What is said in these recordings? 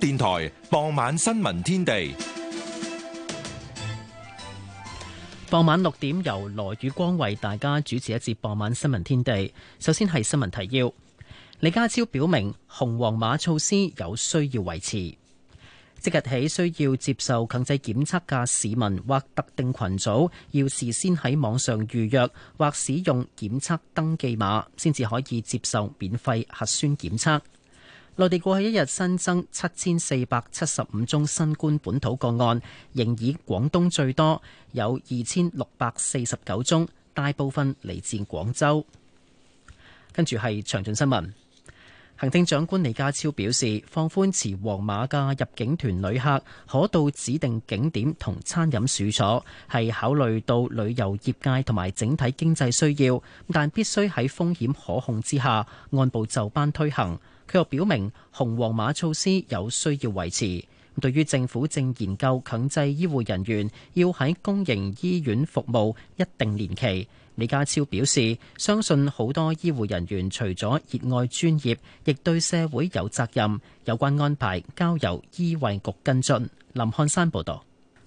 電台傍晚新聞天地，傍晚六點由羅宇光為大家主持一節傍晚新聞天地。首先係新聞提要，李家超表明紅黃碼措施有需要維持，即日起需要接受強制檢測嘅市民或特定群組，要事先喺網上預約或使用檢測登記碼，先至可以接受免費核酸檢測。內地過去一日新增七千四百七十五宗新冠本土個案，仍以廣東最多，有二千六百四十九宗，大部分嚟自廣州。跟住係詳盡新聞，行政長官李家超表示，放寬持黃碼嘅入境團旅客可到指定景點同餐飲處所，係考慮到旅遊業界同埋整體經濟需要，但必須喺風險可控之下按部就班推行。佢又表明，紅黃碼措施有需要維持。對於政府正研究強制醫護人員要喺公營醫院服務一定年期，李家超表示相信好多醫護人員除咗熱愛專業，亦對社會有責任。有關安排交由醫衛局跟進，林漢山報道。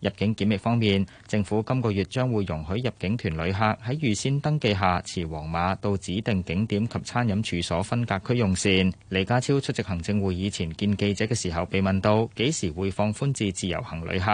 入境檢疫方面，政府今個月將會容許入境團旅客喺預先登記下持黃碼到指定景點及餐飲處所分隔區用膳。李家超出席行政會議前見記者嘅時候，被問到幾時會放寬至自由行旅客，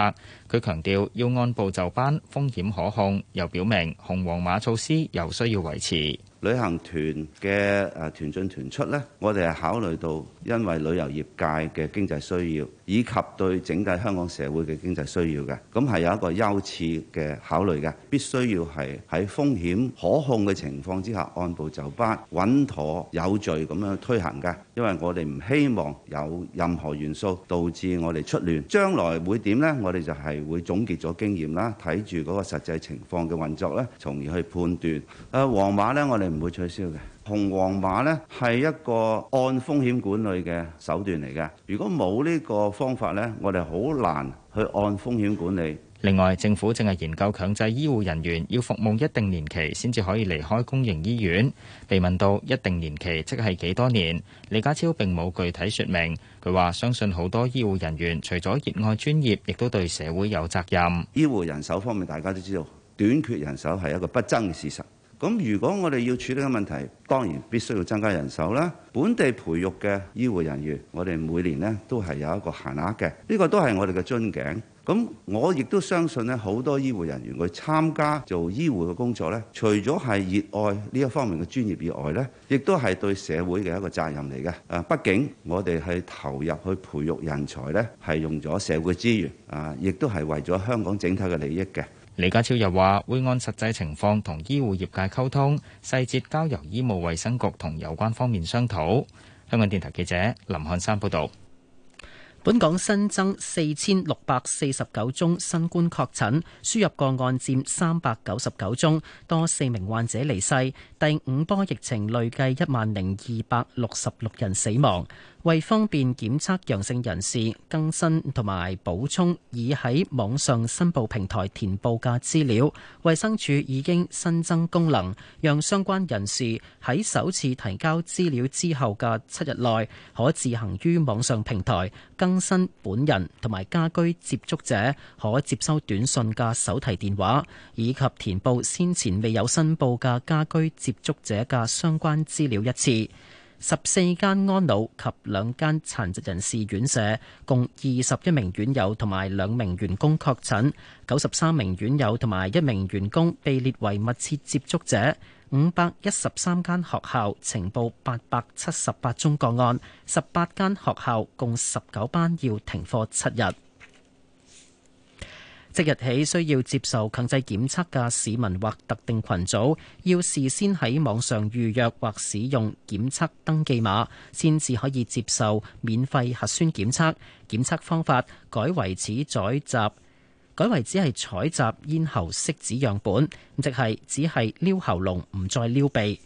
佢強調要按部就班，風險可控，又表明紅黃碼措施有需要維持。旅行團嘅誒團進團出咧，我哋係考慮到因為旅遊業界嘅經濟需要，以及對整體香港社會嘅經濟需要嘅，咁係有一個優次嘅考慮嘅，必須要係喺風險可控嘅情況之下按部就班、穩妥有序咁樣推行嘅。因為我哋唔希望有任何元素導致我哋出亂，將來會點咧？我哋就係會總結咗經驗啦，睇住嗰個實際情況嘅運作咧，從而去判斷。誒、啊、皇馬咧，我哋。唔會取消嘅紅黃碼呢，係一個按風險管理嘅手段嚟嘅。如果冇呢個方法呢，我哋好難去按風險管理。另外，政府正係研究強制醫護人員要服務一定年期先至可以離開公營醫院。被問到一定年期即係幾多年，李家超並冇具體說明。佢話相信好多醫護人員除咗熱愛專業，亦都對社會有責任。醫護人手方面，大家都知道短缺人手係一個不爭嘅事實。咁如果我哋要處理嘅問題，當然必須要增加人手啦。本地培育嘅醫護人員，我哋每年呢都係有一個限額嘅。呢個都係我哋嘅樽頸。咁、嗯、我亦都相信呢，好多醫護人員去參加做醫護嘅工作呢，除咗係熱愛呢一方面嘅專業以外呢，亦都係對社會嘅一個責任嚟嘅。啊，畢竟我哋係投入去培育人才呢，係用咗社會資源啊，亦都係為咗香港整體嘅利益嘅。李家超又話：會按實際情況同醫護業界溝通，細節交由醫務衛生局同有關方面商討。香港電台記者林漢山報道。本港新增四千六百四十九宗新冠確診，輸入個案佔三百九十九宗，多四名患者離世。第五波疫情累計一萬零二百六十六人死亡。為方便檢測陽性人士更新同埋補充已喺網上申報平台填報嘅資料，衛生署已經新增功能，讓相關人士喺首次提交資料之後嘅七日內，可自行於網上平台更新本人同埋家居接觸者可接收短信嘅手提電話，以及填報先前未有申報嘅家居接觸者嘅相關資料一次。十四間安老及兩間殘疾人士院舍，共二十一名院友同埋兩名員工確診，九十三名院友同埋一名員工被列為密切接觸者。五百一十三間學校呈報八百七十八宗個案，十八間學校共十九班要停課七日。即日起需要，接受強制檢測嘅市民或特定群組要事先喺網上預約或使用檢測登記碼先至可以接受免費核酸檢測。檢測方法改為只採集，改為只係採集咽喉拭子樣本，即係只係撩喉嚨唔再撩鼻。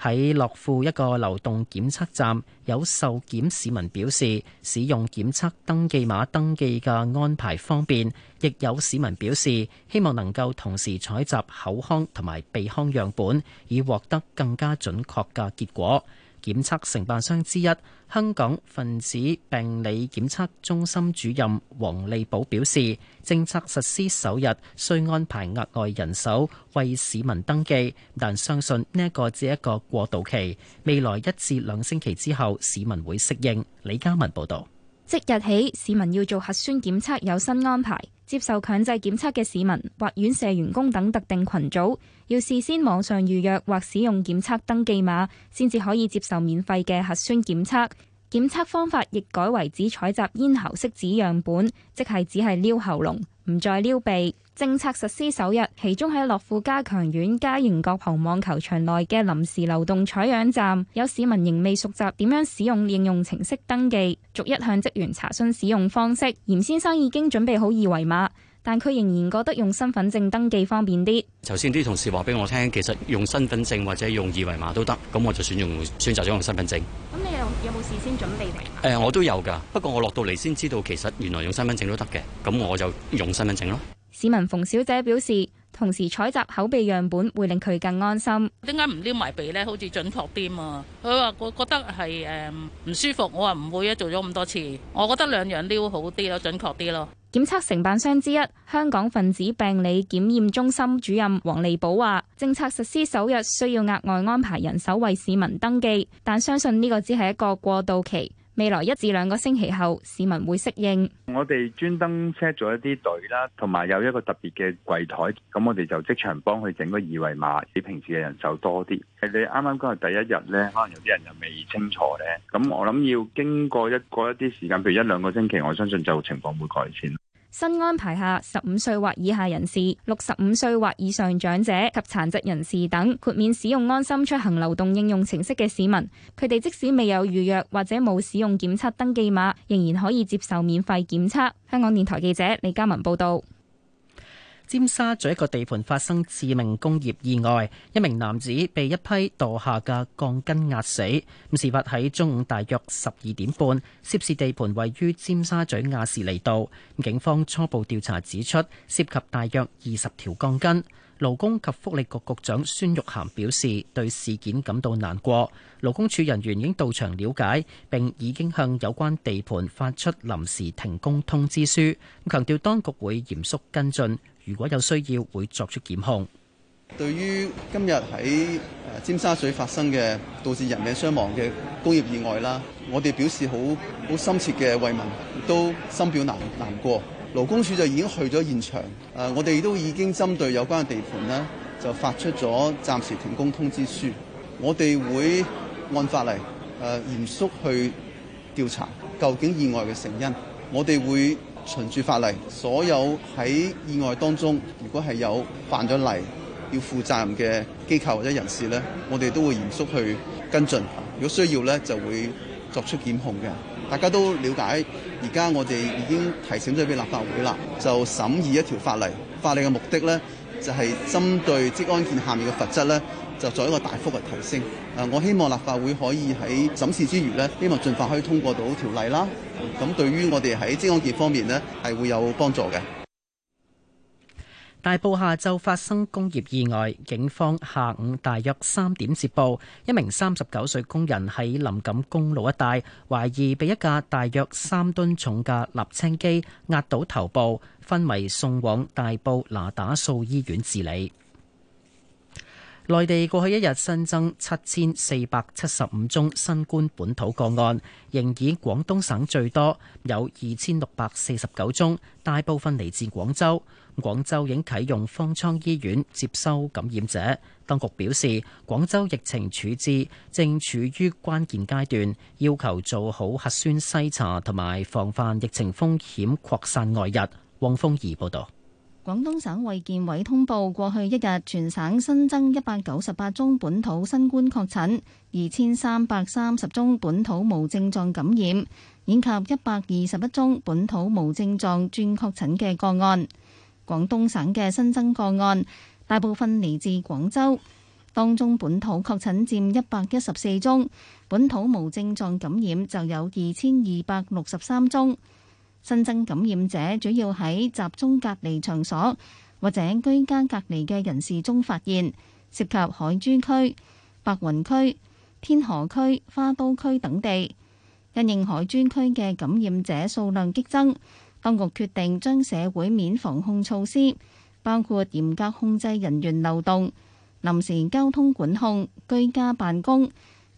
喺樂富一個流動檢測站，有受檢市民表示，使用檢測登記碼登記嘅安排方便，亦有市民表示，希望能夠同時採集口腔同埋鼻腔樣本，以獲得更加準確嘅結果。檢測承辦商之一，香港分子病理檢測中心主任黃利寶表示，政策實施首日需安排額外人手為市民登記，但相信呢一個只係一個過渡期，未來一至兩星期之後市民會適應。李嘉文報道，即日起市民要做核酸檢測有新安排。接受強制檢測嘅市民或院舍員工等特定群組，要事先網上預約或使用檢測登記碼，先至可以接受免費嘅核酸檢測。檢測方法亦改為只採集咽喉拭子樣本，即係只係撩喉嚨，唔再撩鼻。政策實施首日，其中喺樂富加強院加盈閣旁網球場內嘅臨時流動採樣站，有市民仍未熟習點樣使用應用程式登記，逐一向職員查詢使用方式。嚴先生已經準備好二維碼，但佢仍然覺得用身份證登記方便啲。頭先啲同事話俾我聽，其實用身份證或者用二維碼都得，咁我就選用選擇咗用身份證。咁你有冇事先準備嚟？誒、呃，我都有㗎，不過我落到嚟先知道，其實原來用身份證都得嘅，咁我就用身份證咯。市民馮小姐表示，同時採集口鼻樣本會令佢更安心。點解唔撩埋鼻呢？好似準確啲嘛。佢話，我覺得係誒唔舒服，我話唔會啊，做咗咁多次，我覺得兩樣撩好啲咯，準確啲咯。檢測承辦商之一香港分子病理檢驗中心主任黃利寶話，政策實施首日需要額外安排人手為市民登記，但相信呢個只係一個過渡期。未來一至兩個星期後，市民會適應。我哋專登 set 咗一啲隊啦，同埋有一個特別嘅櫃台，咁我哋就即場幫佢整個二維碼，比平時嘅人手多啲。係你啱啱今日第一日咧，可能有啲人又未清楚咧。咁我諗要經過一過一啲時間，譬如一兩個星期，我相信就情況會改善。新安排下，十五歲或以下人士、六十五歲或以上長者及殘疾人士等，豁免使用安心出行流動應用程式嘅市民，佢哋即使未有預約或者冇使用檢測登記碼，仍然可以接受免費檢測。香港電台記者李嘉文報道。尖沙咀一個地盤發生致命工業意外，一名男子被一批墮下嘅鋼筋壓死。事發喺中午，大約十二點半。涉事地盤位於尖沙咀亞士厘道。警方初步調查指出，涉及大約二十條鋼筋。勞工及福利局局，局長孫玉菡表示對事件感到難過。勞工處人員已經到場了解，並已經向有關地盤發出臨時停工通知書，強調當局會嚴肅跟進。如果有需要，會作出檢控。對於今日喺尖沙咀發生嘅導致人命傷亡嘅工業意外啦，我哋表示好好深切嘅慰問，都深表難難過。勞工處就已經去咗現場，誒，我哋都已經針對有關嘅地盤呢，就發出咗暫時停工通知書。我哋會按法例誒嚴肅去調查究竟意外嘅成因。我哋會。循住法例，所有喺意外當中，如果係有犯咗例要負責任嘅機構或者人士咧，我哋都會嚴肅去跟進。如果需要咧，就會作出檢控嘅。大家都了解，而家我哋已經提醒咗俾立法會啦，就審議一條法例。法例嘅目的咧，就係針對職安健下面嘅罰則咧。就做一個大幅嘅提升。誒、啊，我希望立法會可以喺審視之餘咧，希望盡快可以通過到條例啦。咁、啊、對於我哋喺職安健方面呢係會有幫助嘅。大埔下晝發生工業意外，警方下午大約三點接報，一名三十九歲工人喺林錦公路一帶，懷疑被一架大約三噸重嘅立青機壓到頭部，昏迷送往大埔拿打素醫院治理。內地過去一日新增七千四百七十五宗新冠本土個案，仍以廣東省最多，有二千六百四十九宗，大部分嚟自廣州。廣州已啟用方艙醫院接收感染者。當局表示，廣州疫情處置正處於關鍵階段，要求做好核酸篩查同埋防範疫情風險擴散外溢。汪峰怡報道。廣東省衛健委通報，過去一日全省新增一百九十八宗本土新冠確診，二千三百三十宗本土無症狀感染，以及一百二十一宗本土無症狀轉確診嘅個案。廣東省嘅新增個案大部分嚟自廣州，當中本土確診佔一百一十四宗，本土無症狀感染就有二千二百六十三宗。新增感染者主要喺集中隔離場所或者居家隔離嘅人士中發現，涉及海珠區、白雲區、天河區、花都區等地。因應海珠區嘅感染者數量激增，當局決定將社會面防控措施，包括嚴格控制人員流動、臨時交通管控、居家辦公、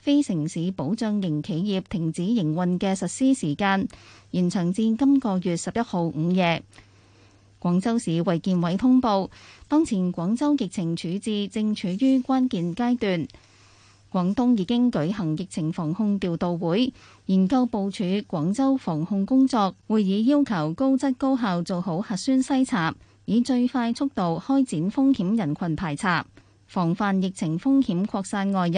非城市保障型企業停止營運嘅實施時間延長至今個月十一號午夜。廣州市衛健委通報，當前廣州疫情處置正處於關鍵階段。廣東已經舉行疫情防控調度會，研究部署廣州防控工作。會議要求高質高效做好核酸篩查，以最快速度開展風險人群排查，防範疫情風險擴散外溢。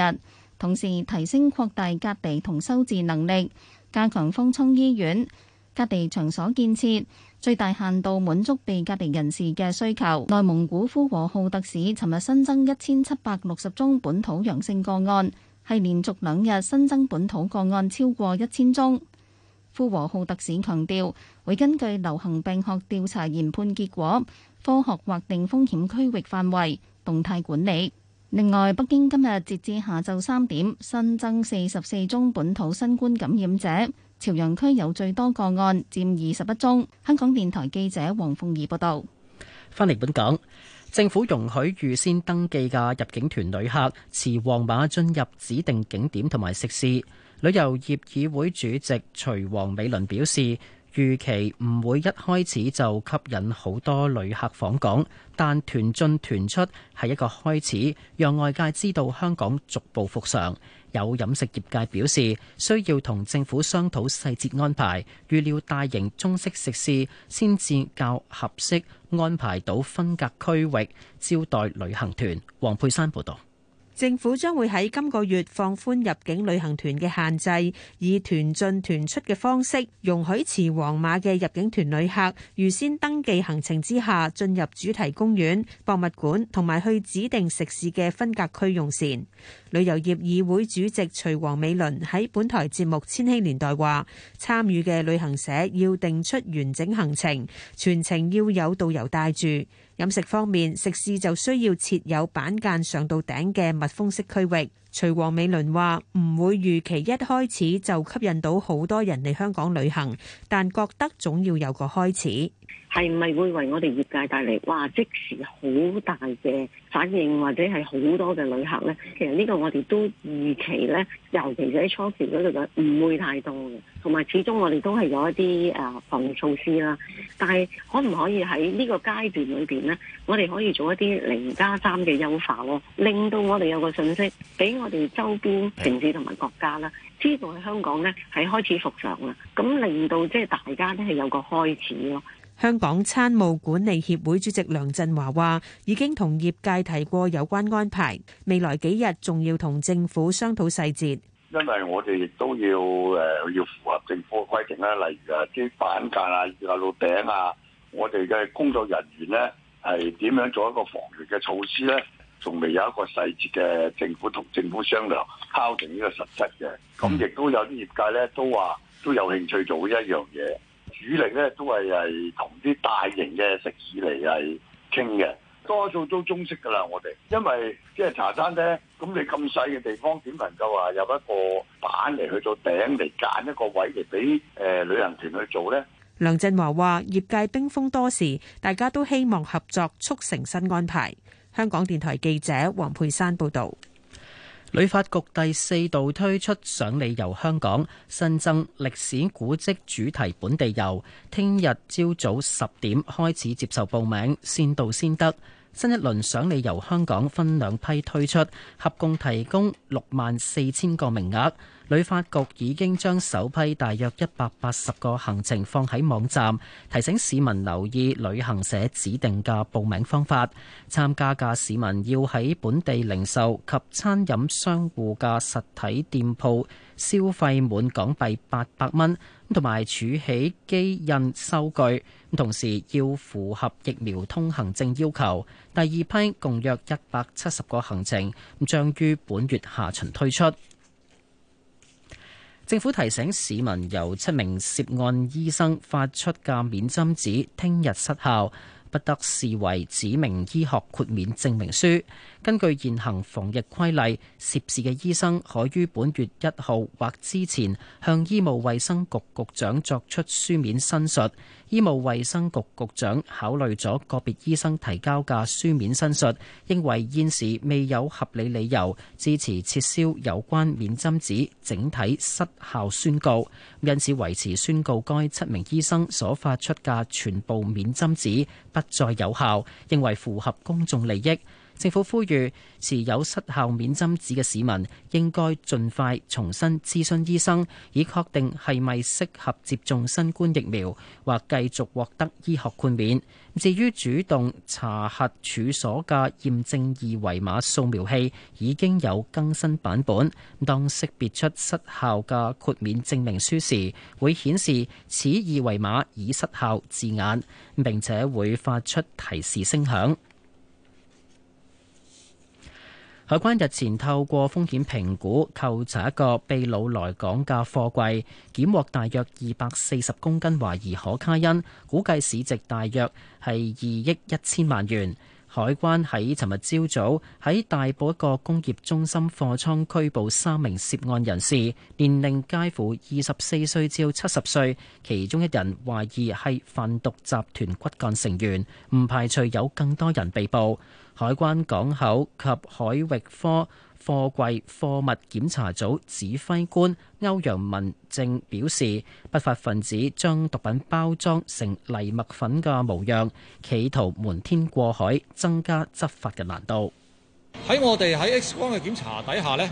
同時提升擴大隔離同收治能力，加強方艙醫院、隔離場所建設，最大限度滿足被隔離人士嘅需求。內蒙古呼和浩特市尋日新增一千七百六十宗本土陽性個案，係連續兩日新增本土個案超過一千宗。呼和浩特市強調會根據流行病學調查研判結果，科學劃定風險區域範圍，動態管理。另外，北京今日截至下晝三點，新增四十四宗本土新冠感染者，朝陽區有最多個案，佔二十一宗。香港電台記者黃鳳儀報道。返嚟本港，政府容許預先登記嘅入境團旅客持黃碼進入指定景點同埋食肆。旅遊業議會主席徐王美倫表示。預期唔會一開始就吸引好多旅客訪港，但團進團出係一個開始，讓外界知道香港逐步復常。有飲食業界表示需要同政府商討細節安排，預料大型中式食肆先至較合適安排到分隔區域招待旅行團，黃佩珊報道。政府將會喺今個月放寬入境旅行團嘅限制，以團進團出嘅方式容許持黃碼嘅入境團旅客預先登記行程之下，進入主題公園、博物館同埋去指定食肆嘅分隔區用膳。旅遊業議會主席徐王美倫喺本台節目《千禧年代》話：參與嘅旅行社要定出完整行程，全程要有導遊帶住。飲食方面，食肆就需要設有板間上到頂嘅密封式區域。徐王美倫話：唔會預期一開始就吸引到好多人嚟香港旅行，但覺得總要有個開始。係咪會為我哋業界帶嚟哇即時好大嘅反應，或者係好多嘅旅客呢？其實呢個我哋都預期呢，尤其喺初期嗰度嘅唔會太多嘅，同埋始終我哋都係有一啲誒防疫措施啦。但係可唔可以喺呢個階段裏邊呢，我哋可以做一啲零加三嘅優化咯，令到我哋有個信息俾我哋周邊城市同埋國家啦，知道喺香港呢係開始復常啦。咁令到即係大家都係有個開始咯。香港餐務管理協會主席梁振華話已經同業界提過有關安排，未來幾日仲要同政府商討細節，因為我哋亦都要誒要符合政府嘅規定啦，例如啊啲板架啊、啊樓頂啊，我哋嘅工作人員咧係點樣做一個防禦嘅措施咧，仲未有一個細節嘅政府同政府商量敲定呢個實質嘅。咁亦都有啲業界咧都話都有興趣做一樣嘢。主力咧都係係同啲大型嘅食肆嚟係傾嘅，多數都中式噶啦。我哋因為即係茶餐廳，咁你咁細嘅地方點能夠話有一個板，嚟去到頂，嚟揀一個位嚟俾誒旅行團去做呢？梁振華話，業界冰封多時，大家都希望合作促成新安排。香港電台記者黃佩珊報道。旅發局第四度推出賞你遊香港，新增歷史古蹟主題本地遊，聽日朝早十點開始接受報名，先到先得。新一輪賞你遊香港分兩批推出，合共提供六萬四千個名額。旅發局已經將首批大約一百八十個行程放喺網站，提醒市民留意旅行社指定嘅報名方法。參加嘅市民要喺本地零售及餐飲商戶嘅實體店鋪消費滿港幣八百蚊，同埋儲起機印收據，同時要符合疫苗通行證要求。第二批共約一百七十個行程，將於本月下旬推出。政府提醒市民，由七名涉案醫生發出嘅免針紙，聽日失效，不得視為指明醫學豁免證明書。根據現行防疫規例，涉事嘅醫生可於本月一號或之前向醫務衛生局局長作出書面申述。醫務衛生局局長考慮咗個別醫生提交嘅書面申述，認為現時未有合理理由支持撤銷有關免針紙整體失效宣告，因此維持宣告該七名醫生所發出嘅全部免針紙不再有效，認為符合公眾利益。政府呼籲持有失效免針紙嘅市民應該盡快重新諮詢醫生，以確定係咪適合接種新冠疫苗或繼續獲得醫學豁免。至於主動查核處所嘅驗證二維碼掃描器已經有更新版本，當識別出失效嘅豁免證明書時，會顯示「此二維碼已失效」字眼，並且會發出提示聲響。海關日前透過風險評估，扣查一個秘魯來港嘅貨櫃，檢獲大約二百四十公斤懷疑可卡因，估計市值大約係二億一千萬元。海關喺尋日朝早喺大埔一個工業中心貨倉拘捕三名涉案人士，年齡介乎二十四歲至七十歲，其中一人懷疑係販毒集團骨幹成員，唔排除有更多人被捕。海關港口及海域科貨櫃貨物檢查組指揮官歐陽文正表示，不法分子將毒品包裝成禮物粉嘅模樣，企圖瞞天過海，增加執法嘅難度。喺我哋喺 X 光嘅檢查底下呢，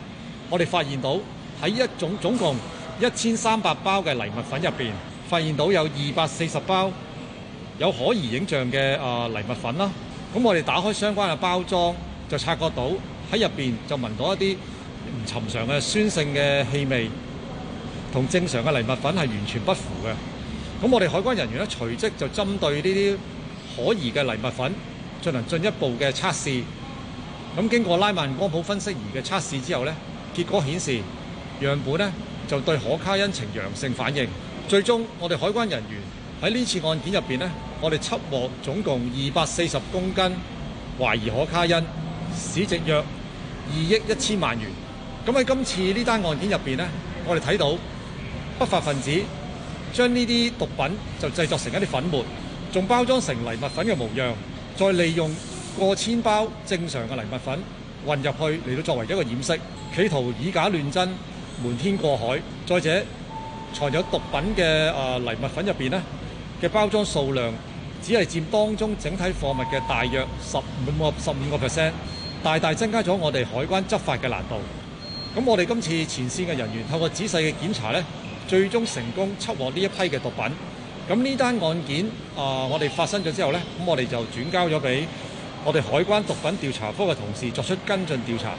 我哋發現到喺一種總共一千三百包嘅禮物粉入邊，發現到有二百四十包有可疑影像嘅啊禮物粉啦。咁我哋打開相關嘅包裝，就察覺到喺，入邊就聞到一啲唔尋常嘅酸性嘅氣味，同正常嘅泥物粉係完全不符嘅。咁我哋海關人員咧，隨即就針對呢啲可疑嘅泥物粉進行進一步嘅測試，咁經過拉曼光譜分析儀嘅測試之後咧，結果顯示樣本咧就對可卡因呈陽性反應，最終我哋海關人員喺呢次案件入邊咧。我哋緝獲總共二百四十公斤懷疑可卡因，市值約二億一千萬元。咁喺今次呢單案件入邊呢，我哋睇到不法分子將呢啲毒品就製作成一啲粉末，仲包裝成泥物粉嘅模樣，再利用過千包正常嘅泥物粉混入去嚟到作為一個掩飾，企圖以假亂真、瞞天過海。再者，藏有毒品嘅啊泥物粉入邊呢嘅包裝數量，只係佔當中整體貨物嘅大約十五個十五個 percent，大大增加咗我哋海關執法嘅難度。咁我哋今次前線嘅人員透過仔細嘅檢查咧，最終成功執獲呢一批嘅毒品。咁呢單案件啊，我哋發生咗之後咧，咁我哋就轉交咗俾我哋海關毒品調查科嘅同事作出跟進調查。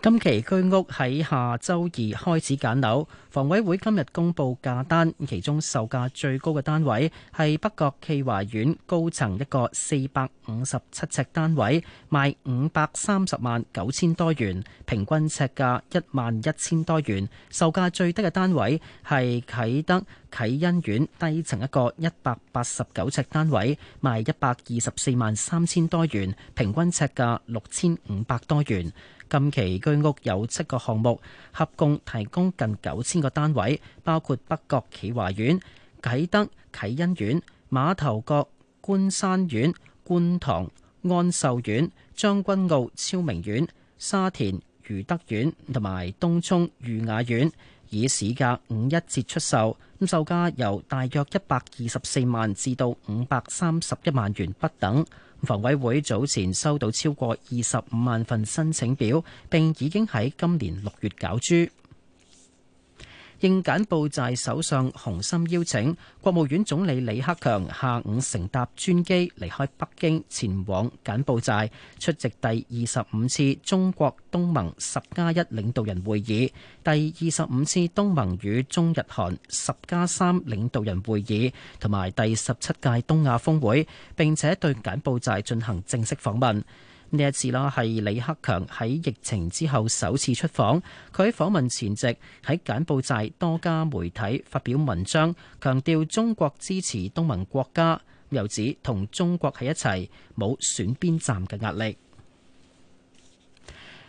今期居屋喺下周二開始揀樓，房委會今日公布價單，其中售價最高嘅單位係北角驥華苑高層一個四百五十七尺單位，賣五百三十萬九千多元，平均尺價一萬一千多元。售價最低嘅單位係啟德啟欣苑低層一個一百八十九尺單位，賣一百二十四萬三千多元，平均尺價六千五百多元。近期居屋有七個項目合共提供近九千個單位，包括北角企華苑、啟德啟欣苑、馬頭角觀山苑、觀塘安秀苑、將軍澳超明苑、沙田愉德苑同埋東涌裕雅苑，以市價五一折出售，咁售價由大約一百二十四萬至到五百三十一萬元不等。房委會早前收到超過二十五萬份申請表，並已經喺今年六月攪珠。應柬埔寨首相洪森邀請，國務院總理李克強下午乘搭專機離開北京，前往柬埔寨出席第二十五次中國東盟十加一領導人會議、第二十五次東盟與中日韓十加三領導人會議同埋第十七屆東亞峰會，並且對柬埔寨進行正式訪問。呢一次啦，係李克強喺疫情之後首次出訪，佢訪問前夕喺柬埔寨多家媒體發表文章，強調中國支持東盟國家，又指同中國喺一齊，冇選邊站嘅壓力。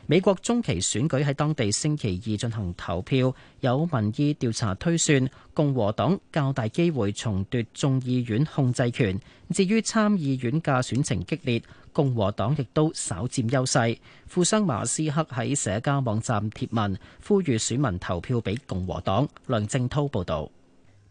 美國中期選舉喺當地星期二進行投票，有民意調查推算共和黨較大機會重奪眾議院控制權。至於參議院嘅選情激烈，共和黨亦都稍佔優勢。富商馬斯克喺社交網站貼文，呼籲選民投票俾共和黨。梁正滔報導。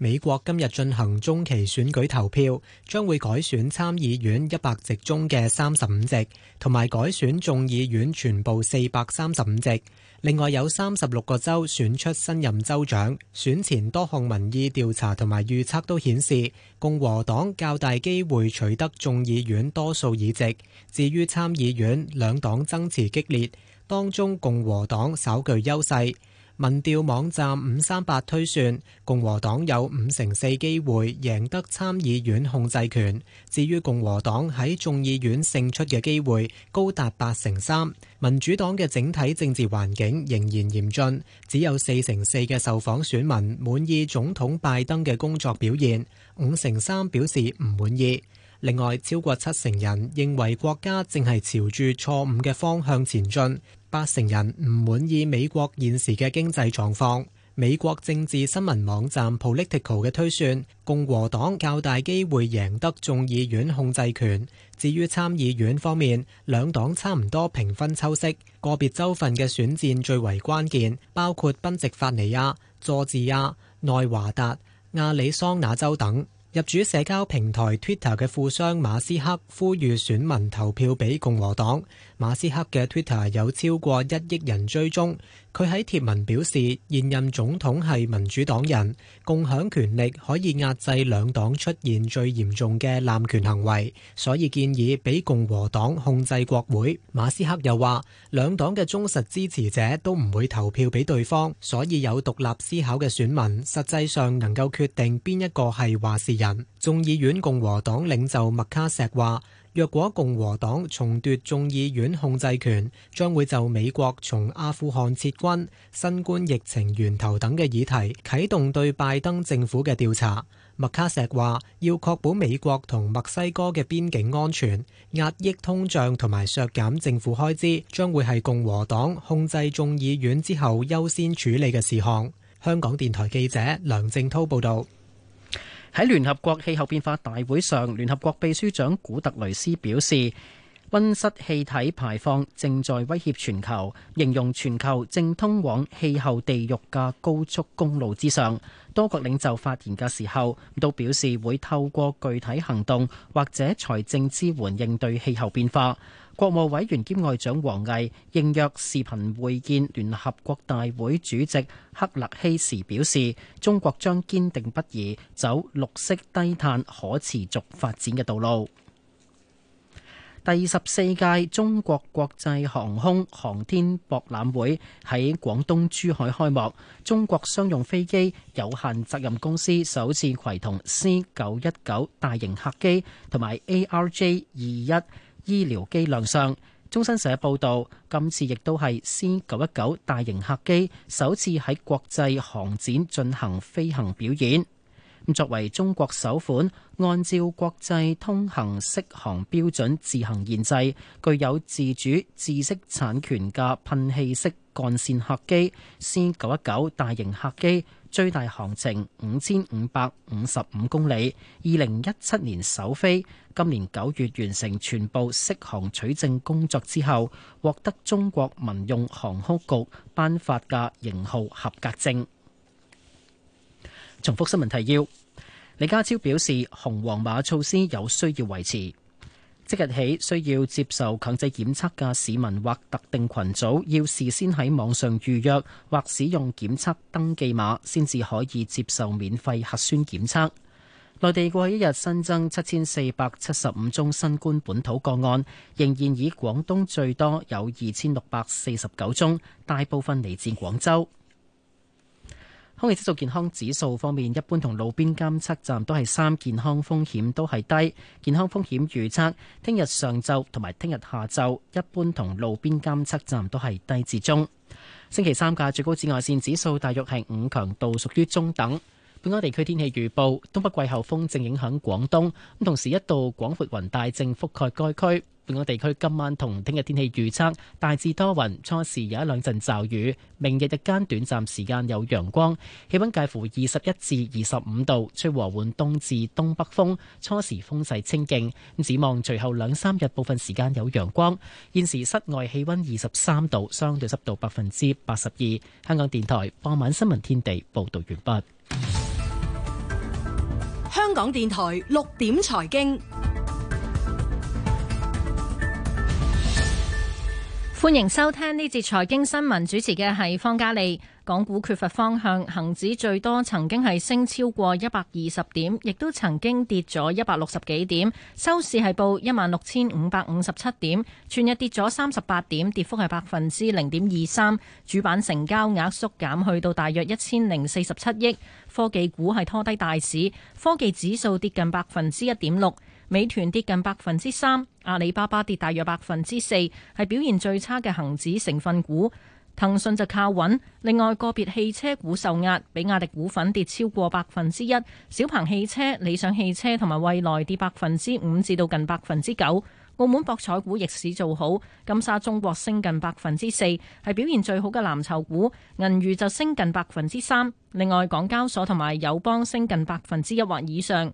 美國今日進行中期選舉投票，將會改選參議院一百席中嘅三十五席，同埋改選眾議院全部四百三十五席。另外有三十六個州選出新任州長。選前多項民意調查同埋預測都顯示共和黨較大機會取得眾議院多數議席。至於參議院，兩黨爭持激烈，當中共和黨稍具優勢。民調網站五三八推算共和黨有五成四機會贏得參議院控制權，至於共和黨喺眾議院勝出嘅機會高達八成三。民主黨嘅整體政治環境仍然嚴峻，只有四成四嘅受訪選民滿意總統拜登嘅工作表現，五成三表示唔滿意。另外，超過七成人認為國家正係朝住錯誤嘅方向前進。八成人唔滿意美國現時嘅經濟狀況。美國政治新聞網站 Political 嘅推算，共和黨較大機會贏得眾議院控制權。至於參議院方面，兩黨差唔多平分秋色。個別州份嘅選戰最為關鍵，包括賓夕法尼亞、佐治亞、內華達、亞里桑那州等。入主社交平台 Twitter 嘅富商馬斯克呼籲選民投票俾共和黨，馬斯克嘅 Twitter 有超過一億人追蹤。佢喺貼文表示，現任總統係民主黨人，共享權力可以壓制兩黨出現最嚴重嘅濫權行為，所以建議俾共和黨控制國會。馬斯克又話，兩黨嘅忠實支持者都唔會投票俾對方，所以有獨立思考嘅選民實際上能夠決定邊一個係話事人。眾議院共和黨領袖麥卡錫話，若果共和黨重奪眾議院控制權，將會就美國從阿富汗撤軍、新冠疫情源頭等嘅議題啟動對拜登政府嘅調查。麥卡錫話，要確保美國同墨西哥嘅邊境安全、壓抑通脹同埋削減政府開支，將會係共和黨控制眾議院之後優先處理嘅事項。香港電台記者梁正濤報道。喺聯合國氣候變化大會上，聯合國秘書長古特雷斯表示，溫室氣體排放正在威脅全球，形容全球正通往氣候地獄嘅高速公路之上。多國領袖發言嘅時候，都表示會透過具體行動或者財政支援應對氣候變化。國務委員兼外長王毅應約視頻會見聯合國大會主席克勒希時表示，中國將堅定不移走綠色低碳可持續發展嘅道路。第十四屆中國國際航空航天博覽會喺廣東珠海開幕，中國商用飛機有限責任公司首次攜同 C 九一九大型客機同埋 ARJ 二一醫療機亮相。中新社報道，今次亦都係 C919 大型客機首次喺國際航展進行飛行表演。作為中國首款按照國際通行適航標準自行研製、具有自主知識產權嘅噴氣式幹線客機 C919 大型客機。最大航程五千五百五十五公里，二零一七年首飛，今年九月完成全部適航取證工作之後，獲得中國民用航空局頒發嘅型號合格證。重複新聞提要：李家超表示，紅黃碼措施有需要維持。即日起，需要接受強制檢測嘅市民或特定群組要事先喺網上預約或使用檢測登記碼先至可以接受免費核酸檢測。內地過去一日新增七千四百七十五宗新冠本土個案，仍然以廣東最多，有二千六百四十九宗，大部分嚟自廣州。空氣質素健康指數方面，一般同路邊監測站都係三，健康風險都係低。健康風險預測，聽日上晝同埋聽日下晝，一般同路邊監測站都係低至中。星期三嘅最高紫外線指數大約係五，強度屬於中等。本港地區天氣預報：東北季候風正影響廣東，咁同時一道廣闊雲帶正覆蓋該區。本港地區今晚同聽日天氣預測大致多雲，初時有一兩陣驟雨。明日日間短暫時間有陽光，氣溫介乎二十一至二十五度，吹和緩東至東北風，初時風勢清勁。咁指望隨後兩三日部分時間有陽光。現時室外氣溫二十三度，相對濕度百分之八十二。香港電台傍晚新聞天地報道完畢。香港電台六點財經，歡迎收聽呢節財經新聞，主持嘅係方嘉利。港股缺乏方向，恒指最多曾經係升超過一百二十點，亦都曾經跌咗一百六十幾點，收市係報一萬六千五百五十七點，全日跌咗三十八點，跌幅係百分之零點二三。主板成交額縮減去到大約一千零四十七億，科技股係拖低大市，科技指數跌近百分之一點六，美團跌近百分之三，阿里巴巴跌大約百分之四，係表現最差嘅恒指成分股。騰訊就靠穩，另外個別汽車股受壓，比亞迪股份跌超過百分之一，小鵬汽車、理想汽車同埋蔚來跌百分之五至到近百分之九。澳門博彩股逆市做好，金沙中國升近百分之四，係表現最好嘅藍籌股，銀娛就升近百分之三。另外，港交所同埋友邦升近百分之一或以上。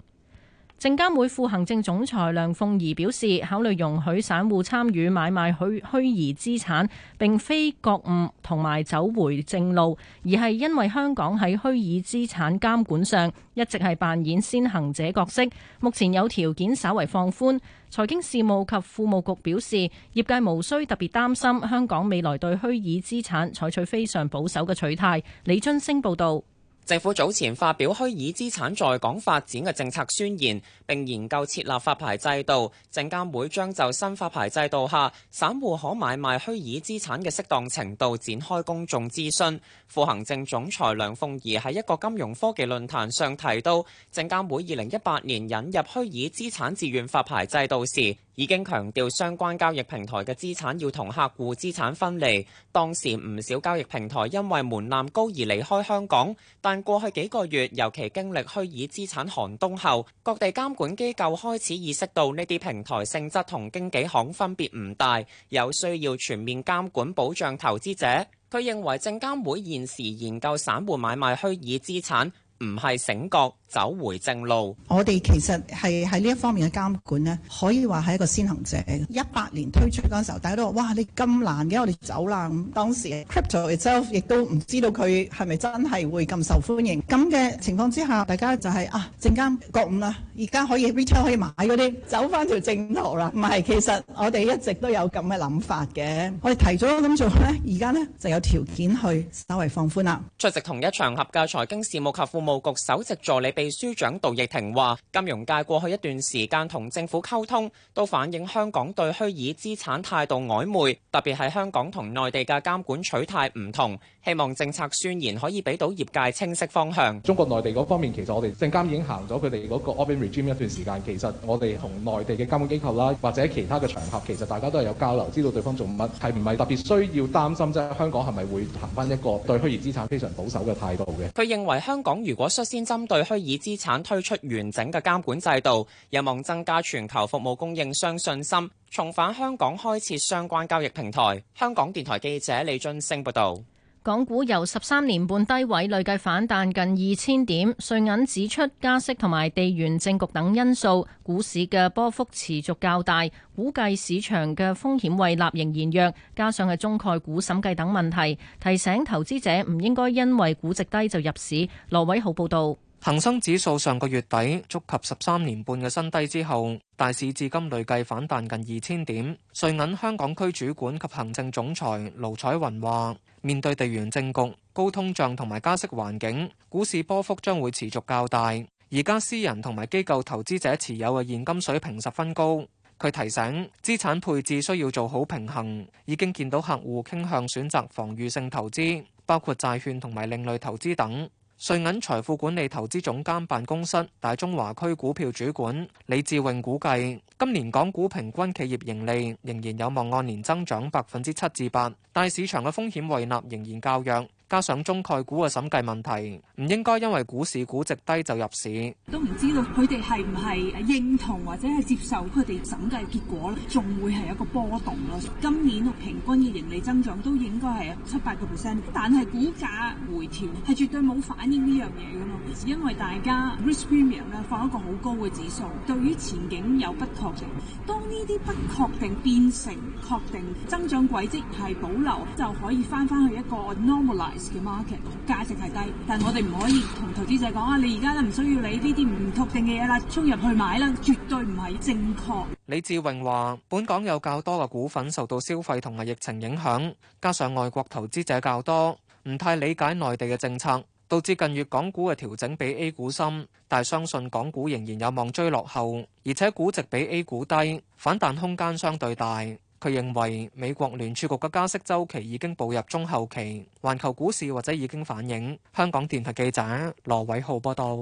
證監會副行政總裁梁鳳儀表示，考慮容許散戶參與買賣虛虛擬資產，並非覺悟同埋走回正路，而係因為香港喺虛擬資產監管上一直係扮演先行者角色。目前有條件稍為放寬。財經事務及庫務局表示，業界無需特別擔心香港未來對虛擬資產採取非常保守嘅取態。李津升報道。政府早前發表虛擬資產在港發展嘅政策宣言，並研究設立發牌制度。證監會將就新發牌制度下，散戶可買賣虛擬資產嘅適當程度，展開公眾諮詢。副行政總裁梁鳳儀喺一個金融科技論壇上提到，證監會二零一八年引入虛擬資產自願發牌制度時，已經強調相關交易平台嘅資產要同客戶資產分離。當時唔少交易平台因為門檻高而離開香港，但過去幾個月，尤其經歷虛擬資產寒冬後，各地監管機構開始意識到呢啲平台性質同經紀行分別唔大，有需要全面監管保障投資者。佢認為證監會現時研究散戶買賣虛擬資產唔係醒覺。走回正路，我哋其實係喺呢一方面嘅監管咧，可以話係一個先行者。一八年推出嗰陣時候，大家都話：哇，你咁難嘅，我哋走啦。咁當時 Crypto itself 亦都唔知道佢係咪真係會咁受歡迎。咁嘅情況之下，大家就係、是、啊，證監覺唔啦，而家可以 Retail 可以買嗰啲，走翻條正路啦。唔係，其實我哋一直都有咁嘅諗法嘅，我哋提早咗咁做咧，而家咧就有條件去稍為放寬啦。出席同一場合嘅財經事務及庫務局首席助理秘書長杜逸婷話，金融界過去一段時間同政府溝通，都反映香港對虛擬資產態度曖昧，特別係香港同內地嘅監管取態唔同。希望政策宣言可以俾到業界清晰方向。中國內地嗰方面，其實我哋證監已經行咗佢哋嗰個 Open Regime 一段時間，其實我哋同內地嘅監管機構啦，或者其他嘅場合，其實大家都係有交流，知道對方做乜，係唔係特別需要擔心？即係香港係咪會行翻一個對虛擬資產非常保守嘅態度嘅？佢認為香港如果率先針對虛擬資產推出完整嘅監管制度，有望增加全球服務供應商信心，重返香港開設相關交易平台。香港電台記者李俊升報道。港股由十三年半低位累計反彈近二千點，瑞銀指出加息同埋地緣政局等因素，股市嘅波幅持續較大，估計市場嘅風險胃納仍然弱，加上係中概股審計等問題，提醒投資者唔應該因為估值低就入市。羅偉豪報道。恒生指數上個月底觸及十三年半嘅新低之後，大市至今累計反彈近二千點。瑞銀香港區主管及行政總裁盧彩雲話：面對地緣政局、高通脹同埋加息環境，股市波幅將會持續較大。而家私人同埋機構投資者持有嘅現金水平十分高。佢提醒，資產配置需要做好平衡。已經見到客戶傾向選擇防禦性投資，包括債券同埋另類投資等。瑞銀財富管理投資總監辦公室大中華區股票主管李志穎估計，今年港股平均企業盈利仍然有望按年增長百分之七至八，但市場嘅風險胃納仍然較弱。加上中概股嘅審計問題，唔應該因為股市估值低就入市。都唔知道佢哋係唔係認同或者係接受佢哋審計結果咧，仲會係一個波動咯。今年平均嘅盈利增長都應該係七八個 percent，但係股價回調係絕對冇反映呢樣嘢噶嘛，只因為大家 risk premium 咧放一個好高嘅指數，對於前景有不確定。當呢啲不確定變成確定，增長軌跡係保留，就可以翻翻去一個 normal。market 價值係低，但係我哋唔可以同投資者講啊！你而家都唔需要理呢啲唔確定嘅嘢啦，衝入去買啦，絕對唔係正確。李志榮話：本港有較多嘅股份受到消費同埋疫情影響，加上外國投資者較多，唔太理解內地嘅政策，導致近月港股嘅調整比 A 股深。但係相信港股仍然有望追落後，而且估值比 A 股低，反彈空間相對大。佢認為美國聯儲局嘅加息週期已經步入中後期，環球股市或者已經反映。香港電台記者羅偉浩報道。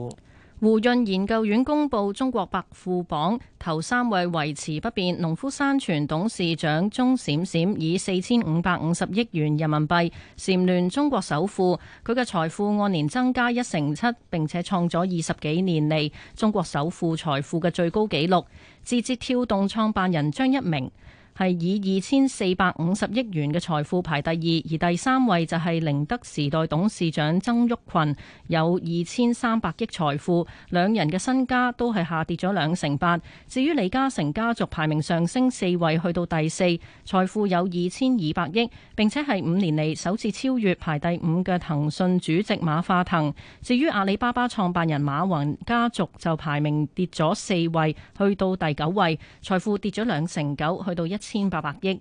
胡潤研究院公布中國百富榜，頭三位維持不變。農夫山泉董事長鍾閃閃以四千五百五十億元人民幣蟬聯中國首富，佢嘅財富按年增加一成七，並且創咗二十幾年嚟中國首富財富嘅最高紀錄。字節跳動創辦人張一鳴係以二千四百五十億元嘅財富排第二，而第三位就係寧德時代董事長曾毓群，有二千三百億財富，兩人嘅身家都係下跌咗兩成八。至於李嘉誠家族排名上升四位，去到第四，財富有二千二百億，並且係五年嚟首次超越排第五嘅騰訊主席馬化騰。至於阿里巴巴創辦人馬雲家族就排名跌咗四位，去到第九位，財富跌咗兩成九，去到一千八百億。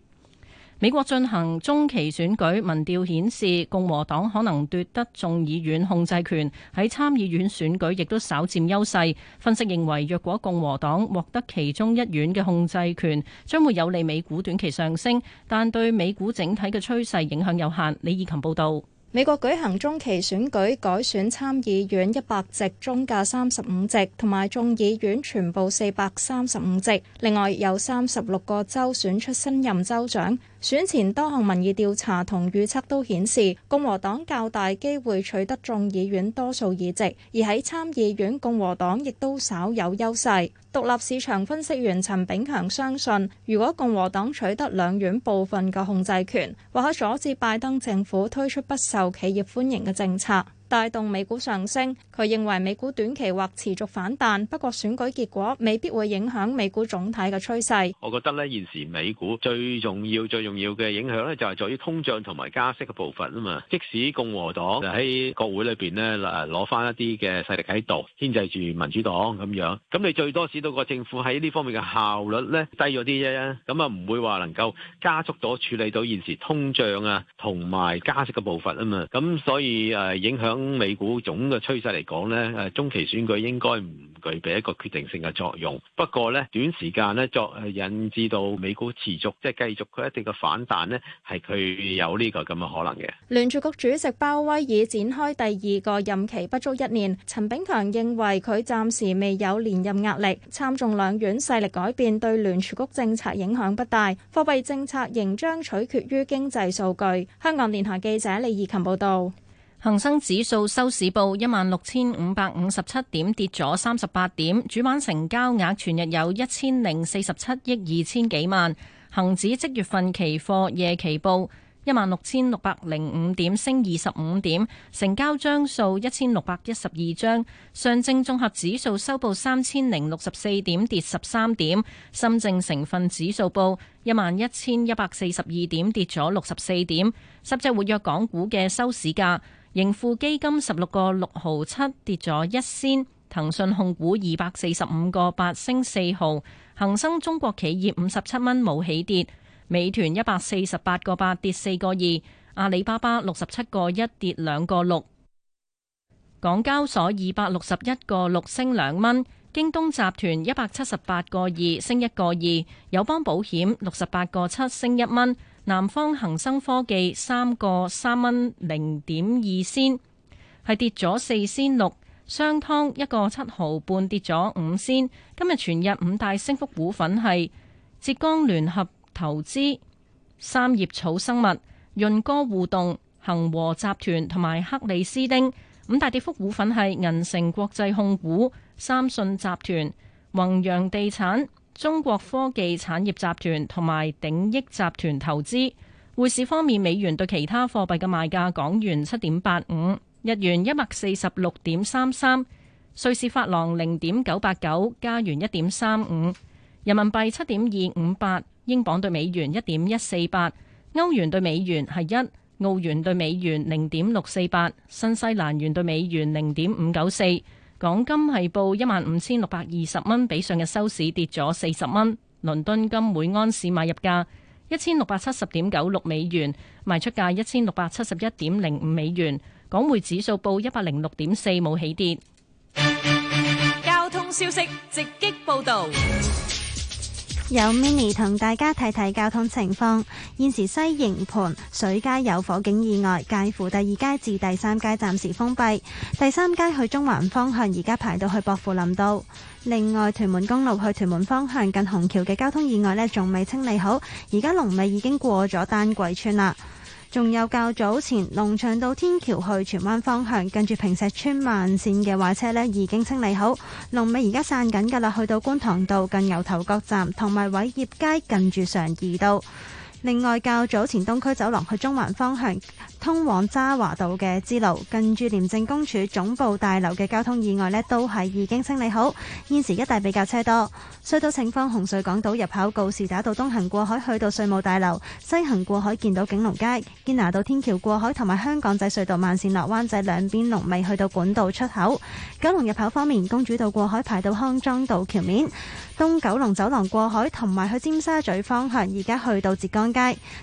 美國進行中期選舉，民調顯示共和黨可能奪得眾議院控制權，喺參議院選舉亦都稍佔優勢。分析認為，若果共和黨獲得其中一院嘅控制權，將會有利美股短期上升，但對美股整體嘅趨勢影響有限。李以琴報道。美國舉行中期選舉，改選參議院一百席，中嘅三十五席，同埋眾議院全部四百三十五席。另外有三十六個州選出新任州長。選前多項民意調查同預測都顯示共和黨較大機會取得眾議院多數議席，而喺參議院共和黨亦都稍有優勢。獨立市場分析員陳炳強相信，如果共和黨取得兩院部分嘅控制權，或可阻止拜登政府推出不受企業歡迎嘅政策。帶動美股上升，佢認為美股短期或持續反彈，不過選舉結果未必會影響美股總體嘅趨勢。我覺得咧，現時美股最重要、最重要嘅影響咧，就係在於通脹同埋加息嘅部分啊嘛。即使共和黨喺國會裏邊咧，攞翻一啲嘅勢力喺度牽制住民主黨咁樣，咁你最多使到個政府喺呢方面嘅效率咧低咗啲啫，咁啊唔會話能夠加速咗處理到現時通脹啊同埋加息嘅部分啊嘛。咁所以誒影響中美股總嘅趨勢嚟講呢，誒中期選舉應該唔具備一個決定性嘅作用。不過呢短時間呢，作引致到美股持續即係繼續佢一定嘅反彈呢，係佢有呢個咁嘅可能嘅。聯儲局主席鮑威爾展開第二個任期不足一年，陳炳強認為佢暫時未有連任壓力。參眾兩院勢力改變對聯儲局政策影響不大，貨幣政策仍將取決於經濟數據。香港電台記者李義琴報道。恒生指數收市報一萬六千五百五十七點，跌咗三十八點。主板成交額全日有一千零四十七億二千幾萬。恒指即月份期貨夜期報一萬六千六百零五點，升二十五點，成交張數一千六百一十二張。上證綜合指數收報三千零六十四點，跌十三點。深證成分指數報一萬一千一百四十二點，跌咗六十四點。十隻活躍港股嘅收市價。盈富基金十六個六毫七跌咗一仙，騰訊控股二百四十五個八升四毫，恒生中國企業五十七蚊冇起跌，美團一百四十八個八跌四個二，阿里巴巴六十七個一跌兩個六，港交所二百六十一個六升兩蚊，京東集團一百七十八個二升一個二，友邦保險六十八個七升一蚊。南方恒生科技三個三蚊零點二仙，係跌咗四仙六。商湯一個七毫半跌咗五仙。今日全日五大升幅股份係浙江聯合投資、三葉草生物、潤歌互動、恒和集團同埋克里斯丁。五大跌幅股份係銀城國際控股、三信集團、宏洋地產。中國科技產業集團同埋鼎益集團投資。匯市方面，美元對其他貨幣嘅賣價：港元七點八五，日元一百四十六點三三，瑞士法郎零點九八九，加元一點三五，人民幣七點二五八，英鎊兌美元一點一四八，歐元兌美元係一，澳元兌美元零點六四八，新西蘭元兌美元零點五九四。港金係報一萬五千六百二十蚊，比上日收市跌咗四十蚊。倫敦金每安士買入價一千六百七十點九六美元，賣出價一千六百七十一點零五美元。港匯指數報一百零六點四，冇起跌。交通消息直擊報道。有 Mimi 同大家睇睇交通情況。現時西營盤水街有火警意外，介乎第二街至第三街暫時封閉。第三街去中環方向而家排到去薄扶林道。另外屯門公路去屯門方向近紅橋嘅交通意外呢，仲未清理好，而家龍尾已經過咗丹桂村啦。仲有較早前龍翔道天橋去荃灣方向，近住平石村慢線嘅壞車呢，已經清理好。龍尾而家散緊㗎啦，去到觀塘道近牛頭角站同埋偉業街近住常怡道。另外，較早前東區走廊去中環方向通往渣華道嘅支路，近住廉政公署總部大樓嘅交通意外咧，都係已經清理好。現時一帶比較車多。隧道情況，紅隧港島入口告士打道東行過海去到稅務大樓，西行過海見到景隆街堅拿道天橋過海同埋香港仔隧道慢線落灣仔兩邊龍尾去到管道出口。九龍入口方面，公主道過海排到康莊道橋面。東九龍走廊過海同埋去尖沙咀方向，而家去到浙江街；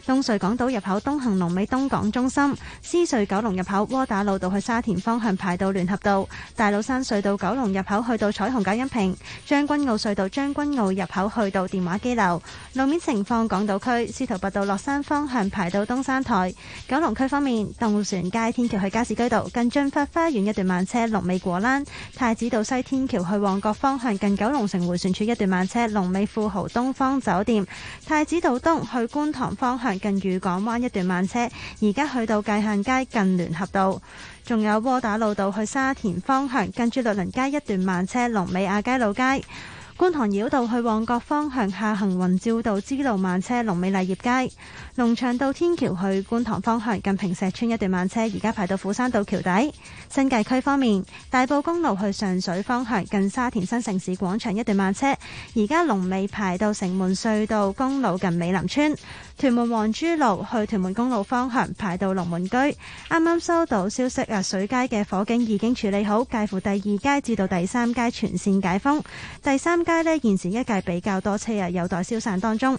東隧港島入口東行龍尾東港中心；獅隧九龍入口窩打老道去沙田方向排到聯合道；大老山隧道九龍入口去到彩虹隔音屏。將軍澳隧道將軍澳入口去到電話機樓；路面情況港島區司徒拔道落山方向排到東山台；九龍區方面，渡船街天橋去加士居道近駿發花園一段慢車；龍尾果欄太子道西天橋去旺角方向近九龍城迴旋處一段。慢車，龍尾富豪東方酒店，太子道東去觀塘方向近愉港灣一段慢車，而家去到界限街近聯合道，仲有窩打老道去沙田方向近住律倫街一段慢車，龍尾亞皆老街。 觀塘繞道去旺角方向下行，雲照道支路慢車；龍尾麗業街、龍翔道天橋去觀塘方向近坪石村一段慢車，而家排到斧山道橋底。新界區方面，大埔公路去上水方向近沙田新城市廣場一段慢車，而家龍尾排到城門隧道公路近美林村。屯門皇珠路去屯門公路方向排到龍門居，啱啱收到消息啊！水街嘅火警已經處理好，介乎第二街至到第三街全線解封。第三街呢，現時一界比較多車啊，有待消散當中。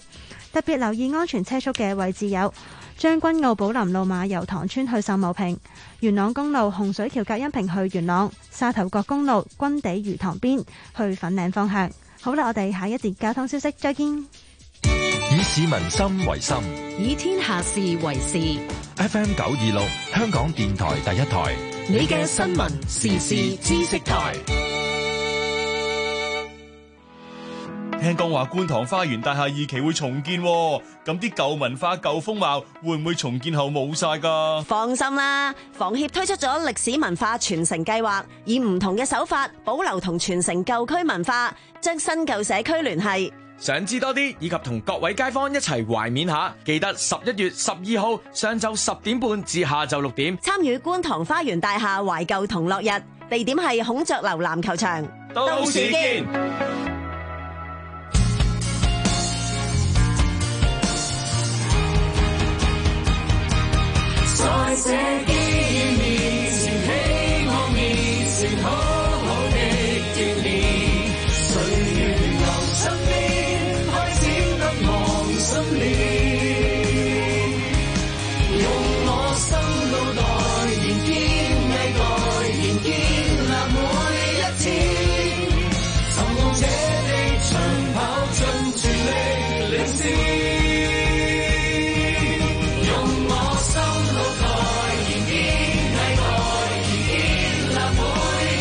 特別留意安全車速嘅位置有將軍澳寶琳路馬游塘村去秀茂坪、元朗公路洪水橋隔音屏去元朗、沙頭角公路軍地魚塘邊去粉嶺方向。好啦，我哋下一節交通消息，再見。以市民心為心，以天下事為事。FM 九二六，香港電台第一台，你嘅新聞時事知識台。聽講話觀塘花園大廈二期會重建，咁啲舊文化、舊風貌會唔會重建後冇晒㗎？放心啦，房協推出咗歷史文化傳承計劃，以唔同嘅手法保留同傳承舊區文化，將新舊社區聯繫。想知多啲，以及同各位街坊一齊懷緬下，記得十一月十二號上晝十點半至下晝六點，參與觀塘花園大廈懷舊同樂日，地點係孔雀樓籃球場，到時見。